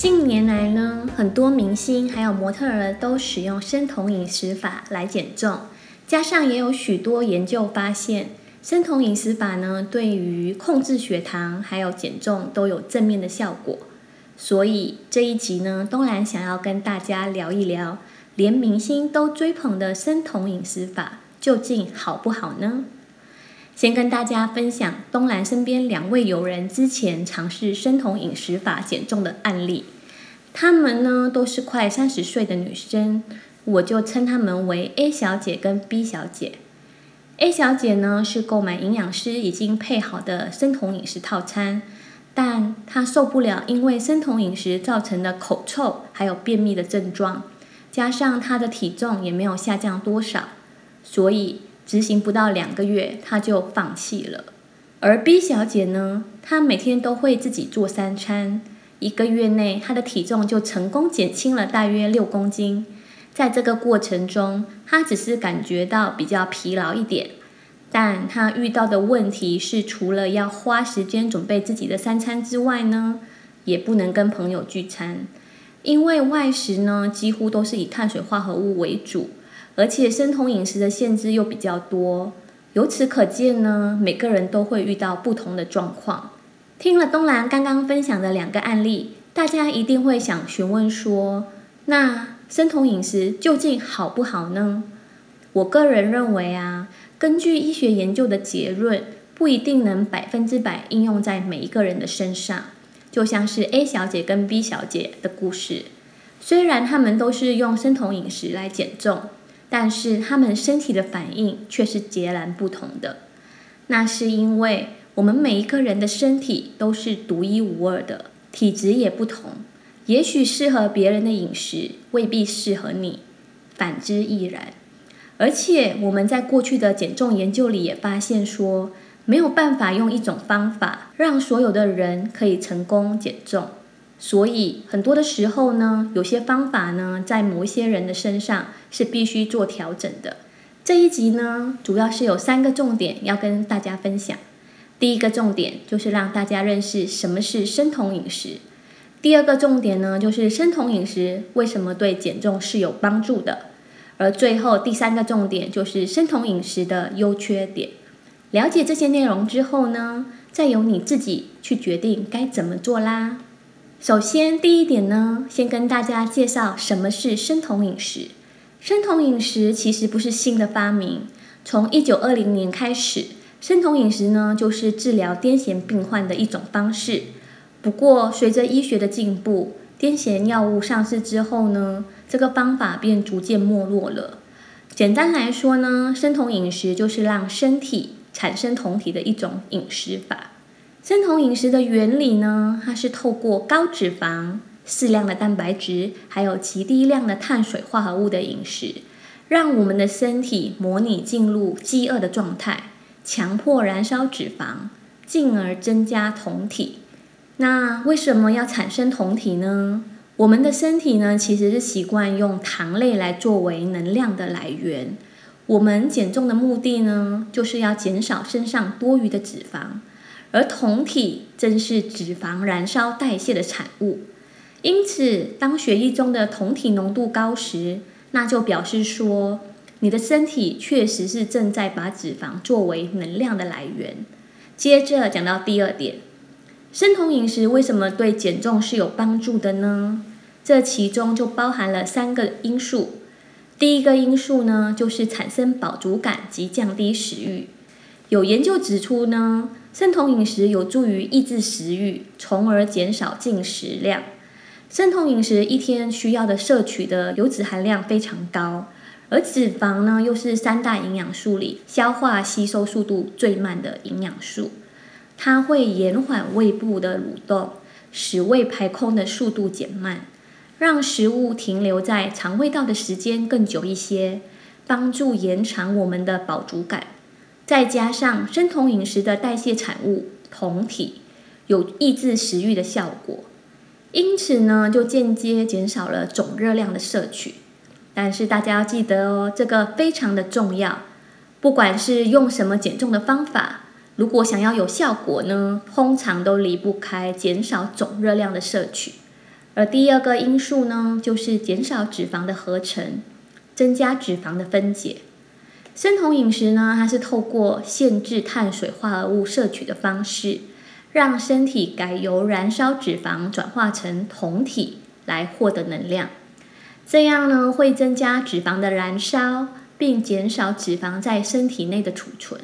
近年來呢，很多明星還有模特兒都使用生酮飲食法來減重，加上也有許多研究發現，生酮飲食法呢，對於控制血糖還有減重都有正面的效果。所以這一集呢，東蘭想要跟大家聊一聊，連明星都追捧的生酮飲食法究竟好不好呢？先跟大家分享東蘭身邊兩位友人之前嘗試生酮飲食法減重的案例。她們呢都是快三十歲的女生，我就稱她們為 A 小姐跟 B 小姐。A 小姐呢是購買營養師已經配好的生酮飲食套餐，但她受不了因為生酮飲食造成的口臭還有便秘的症狀，加上她的體重也沒有下降多少，所以……執行不到兩個月，她就放棄了。而 B 小姐呢，她每天都會自己做三餐，一個月內她的體重就成功減輕了大約六公斤。在這個過程中，她只是感覺到比較疲勞一點，但她遇到的問題是，除了要花時間準備自己的三餐之外呢，也不能跟朋友聚餐，因為外食呢幾乎都是以碳水化合物為主。而且生酮飲食的限制又比較多，由此可見呢，每個人都會遇到不同的狀況。聽了東蘭剛剛分享的兩個案例，大家一定會想詢問說：那生酮飲食究竟好不好呢？我個人認為啊，根據醫學研究的結論，不一定能百分之百應用在每一個人的身上。就像是 A 小姐跟 B 小姐的故事，雖然她們都是用生酮飲食來減重。但是他們身體的反應卻是截然不同的，那是因為我們每一個人的身體都是獨一無二的，體質也不同。也許適合別人的飲食未必適合你，反之亦然。而且我們在過去的減重研究裡也發現說，沒有辦法用一種方法讓所有的人可以成功減重。所以很多的時候呢，有些方法呢，在某一些人的身上是必須做調整的。這一集呢，主要是有三個重點要跟大家分享。第一個重點就是讓大家認識什麼是生酮飲食。第二個重點呢，就是生酮飲食為什麼對減重是有幫助的。而最後第三個重點就是生酮飲食的優缺點。了解這些內容之後呢，再由你自己去決定該怎麼做啦。首先，第一點呢，先跟大家介紹什麼是生酮飲食。生酮飲食其實不是新的發明，從一九二零年開始，生酮飲食呢就是治療癲癇病患的一種方式。不過，隨着醫學的進步，癲癇藥物上市之後呢，這個方法便逐漸沒落了。簡單來說呢，生酮飲食就是讓身體產生酮體的一種飲食法。生酮飲食的原理呢，它是透過高脂肪、適量的蛋白質、還有極低量的碳水化合物的飲食，讓我們的身體模擬進入飢餓的狀態，強迫燃燒脂肪，進而增加酮體。那為什麼要產生酮體呢？我們的身體呢，其實是習慣用糖類來作為能量的來源。我們減重的目的呢，就是要減少身上多餘的脂肪。而酮體正是脂肪燃燒代謝的產物，因此，當血液中的酮體濃度高時，那就表示說你的身體確實是正在把脂肪作為能量的來源。接着講到第二點，生酮飲食為什麼對減重是有幫助的呢？這其中就包含了三個因素。第一個因素呢，就是產生飽足感及降低食慾。有研究指出呢。生酮飲食有助於抑制食欲，從而減少進食量。生酮飲食一天需要的攝取的油脂含量非常高，而脂肪呢又是三大營養素裡消化吸收速度最慢的營養素，它會延緩胃部的蠕動，使胃排空的速度減慢，讓食物停留在腸胃道的時間更久一些，幫助延長我們的飽足感。再加上生酮飲食的代謝產物酮體有抑制食欲的效果，因此呢，就間接減少了總熱量的攝取。但是大家要記得哦，這個非常的重要。不管是用什麼減重的方法，如果想要有效果呢，通常都離不開減少總熱量的攝取。而第二個因素呢，就是減少脂肪的合成，增加脂肪的分解。生酮飲食呢，它是透過限制碳水化合物攝取的方式，讓身體改由燃燒脂肪轉化成酮體來獲得能量。這樣呢，會增加脂肪的燃燒，並減少脂肪在身體內的儲存。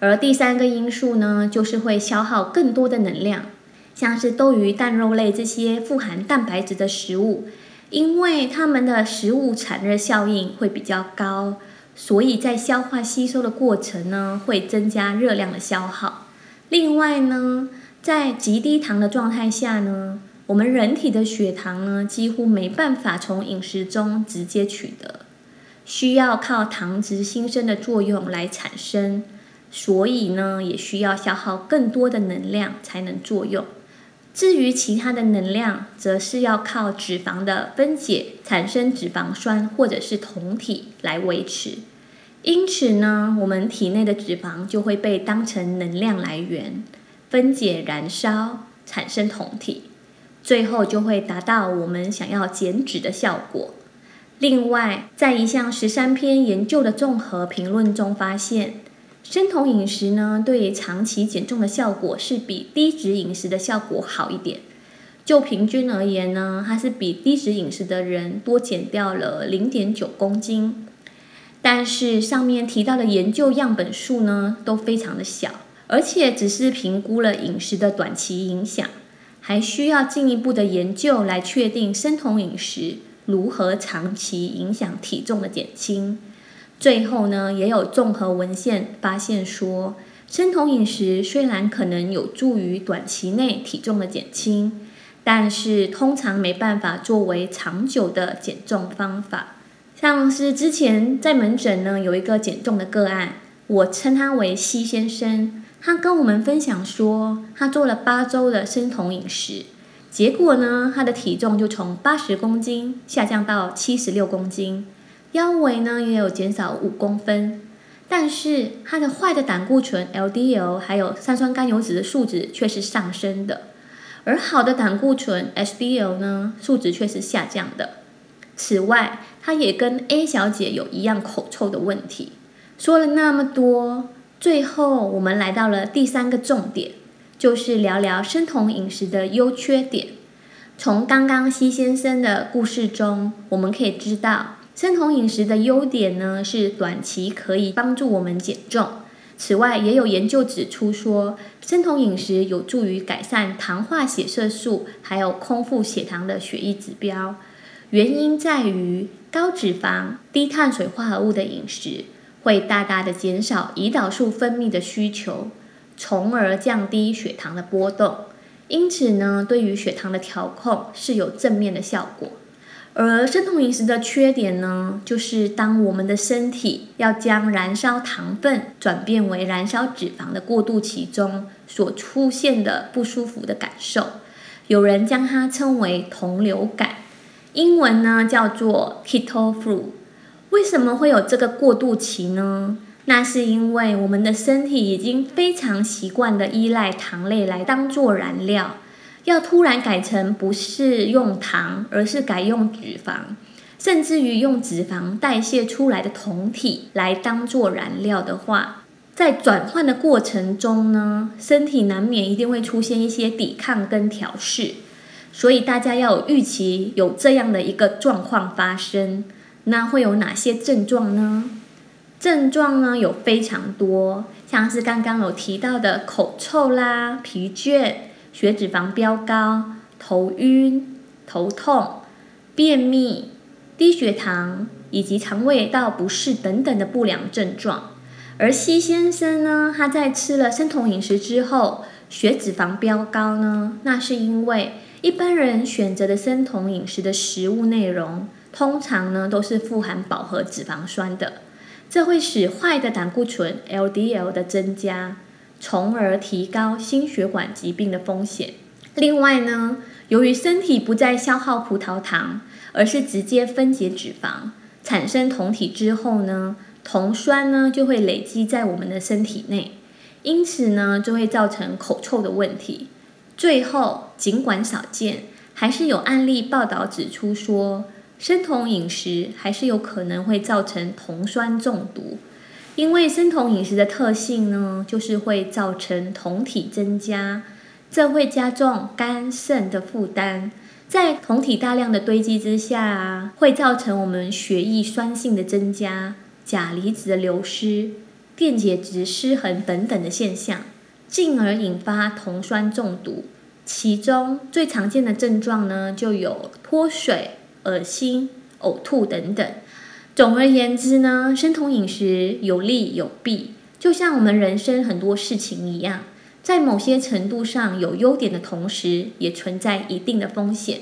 而第三個因素呢，就是會消耗更多的能量，像是豆魚、蛋、肉類，這些富含蛋白質的食物，因為它們的食物產熱效應會比較高。所以在消化吸收的過程呢，會增加熱量的消耗。另外呢，在極低糖的狀態下呢，我們人體的血糖呢幾乎沒辦法從飲食中直接取得，需要靠糖質新生的作用來產生，所以呢也需要消耗更多的能量才能作用。至於其他的能量，則是要靠脂肪的分解產生脂肪酸或者是酮體來維持。因此呢，我們體內的脂肪就會被當成能量來源，分解、燃燒，產生酮體，最後就會達到我們想要減脂的效果。另外，在一項十三篇研究的綜合評論中發現。生酮飲食呢，對長期減重的效果是比低脂飲食的效果好一點。就平均而言呢，它是比低脂飲食的人多減掉了零點九公斤。但是上面提到的研究樣本數呢，都非常的小，而且只是評估了飲食的短期影響，還需要進一步的研究來確定生酮飲食如何長期影響體重的減輕。最後呢，也有綜合文獻發現說，生酮飲食雖然可能有助於短期內體重的減輕，但是通常沒辦法作為長久的減重方法。像是之前在門診呢，有一個減重的個案，我稱他為西先生，他跟我們分享說，他做了八周的生酮飲食，結果呢，他的體重就從八十公斤下降到七十六公斤。腰圍呢，也有減少五公分，但是它的壞的膽固醇 LDL 還有三酸甘油酯的數值卻是上升的，而好的膽固醇 HDL 呢數值卻是下降的。此外，它也跟 A 小姐有一樣口臭的問題。說了那麼多，最後我們來到了第三個重點，就是聊聊生酮飲食的優缺點。從剛剛 C 先生的故事中，我們可以知道。生酮飲食的優點呢，是短期可以幫助我們減重。此外，也有研究指出說，生酮飲食有助於改善糖化血色素還有空腹血糖的血液指標。原因在於高脂肪、低碳水化合物的飲食會大大的減少胰島素分泌的需求，從而降低血糖的波動。因此呢，對於血糖的調控是有正面的效果。而生酮飲食的缺點呢，就是當我們的身體要將燃燒糖分轉變為燃燒脂肪的過渡期中所出現的不舒服的感受，有人將它稱為酮流感，英文呢叫做 keto flu。為什麼會有這個過渡期呢？那是因為我們的身體已經非常習慣地依賴糖類來當作燃料。要突然改成不是用糖，而是改用脂肪，甚至於用脂肪代謝出來的酮體來當做燃料的話，在轉換的過程中呢，身體難免一定會出現一些抵抗跟調適，所以大家要有預期有這樣的一個狀況發生。那會有哪些症狀呢？症狀呢有非常多，像是剛剛有提到的口臭啦、疲倦。血脂肪飆高、頭暈、頭痛、便秘、低血糖以及腸胃道不適等等的不良症狀。而西先生呢，他在吃了生酮飲食之後，血脂肪飆高呢，那是因為一般人選擇的生酮飲食的食物內容，通常呢都是富含飽和脂肪酸的，這會使壞的膽固醇 （LDL） 的增加。從而提高心血管疾病的風險。另外呢，由於身體不再消耗葡萄糖，而是直接分解脂肪，產生酮體之後呢，酮酸呢就會累積在我們的身體內，因此呢，就會造成口臭的問題。最後，儘管少見，還是有案例報道指出說，生酮飲食還是有可能會造成酮酸中毒。因為生酮飲食的特性呢，就是會造成酮體增加，這會加重肝腎的負擔。在酮體大量的堆積之下，會造成我們血液酸性的增加、鉀離子的流失、電解質失衡等等的現象，進而引發酮酸中毒。其中最常見的症狀呢，就有脫水、噁心、嘔吐等等。總而言之呢，生酮飲食有利有弊，就像我們人生很多事情一樣，在某些程度上有優點的同時，也存在一定的風險。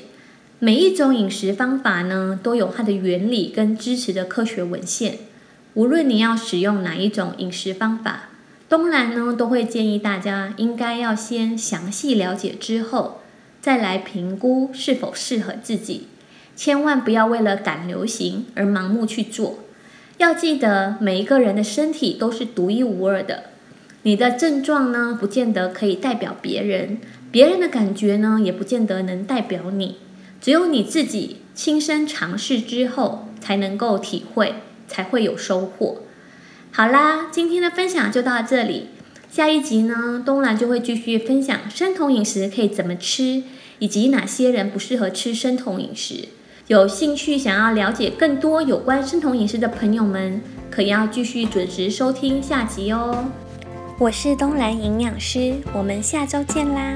每一種飲食方法呢，都有它的原理跟支持的科學文獻。無論你要使用哪一種飲食方法，東蘭呢都會建議大家應該要先詳細了解之後，再來評估是否適合自己。千萬不要為了趕流行而盲目去做。要記得，每一個人的身體都是獨一無二的。你的症狀呢，不見得可以代表別人；別人的感覺呢，也不見得能代表你。只有你自己親身嘗試之後，才能夠體會，才會有收穫。好啦，今天的分享就到這裡。下一集呢，東蘭就會繼續分享生酮飲食可以怎麼吃，以及哪些人不適合吃生酮飲食。有興趣想要了解更多有關生酮飲食的朋友們，可要繼續準時收聽下集哦。我是東蘭營養師，我們下周見啦！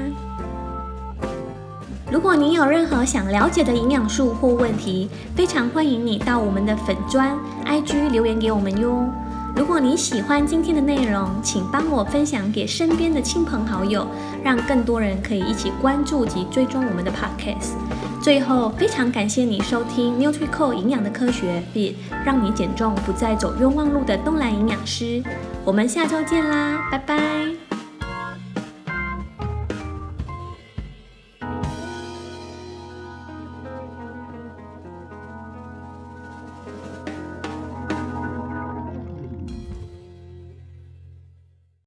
如果你有任何想了解的營養素或問題，非常歡迎你到我們的粉專 IG 留言給我們喲。如果你喜歡今天的內容，請幫我分享給身邊的親朋好友，讓更多人可以一起關注及追蹤我們的 Podcast。最後，非常感謝你收聽 NutriCore 營養的科學，並讓你減重不再走冤枉路的東蘭營養師。我們下周見啦，拜拜。